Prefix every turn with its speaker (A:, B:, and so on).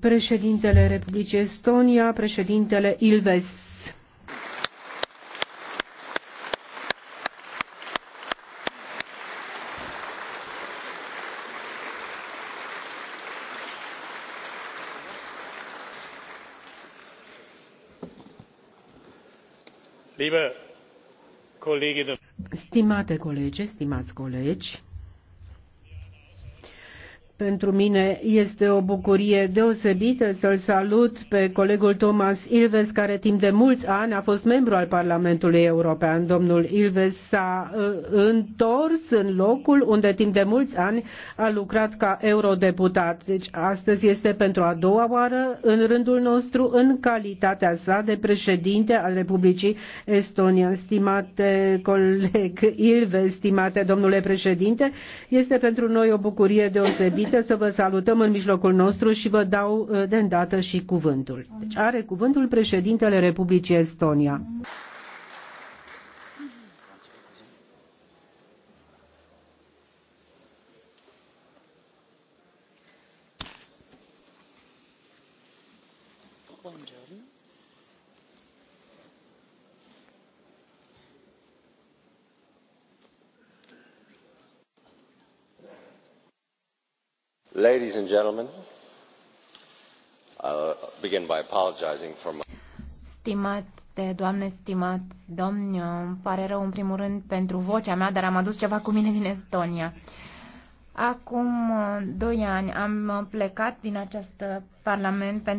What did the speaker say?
A: Președintele Republicii Estonia, președintele Ilves. Stimate colege, stimați colegi, pentru mine este o bucurie deosebită să-l salut pe colegul Thomas Ilves, care timp de mulți ani a fost membru al Parlamentului European. Domnul Ilves s-a uh, întors în locul unde timp de mulți ani a lucrat ca eurodeputat. Deci astăzi este pentru a doua oară în rândul nostru în calitatea sa de președinte al Republicii Estonia. Stimate coleg Ilves, stimate domnule președinte, este pentru noi o bucurie deosebită permite să vă salutăm în mijlocul nostru și vă dau uh, de îndată și cuvântul. Deci are cuvântul președintele Republicii Estonia.
B: Buongiorno. Ladies and gentlemen, I'll begin by apologizing for my...
A: Stimate doamne, stimat domni, îmi pare rău în primul rând pentru vocea mea, dar am adus ceva cu mine din Estonia. Acum uh, doi ani am plecat din acest uh, parlament pentru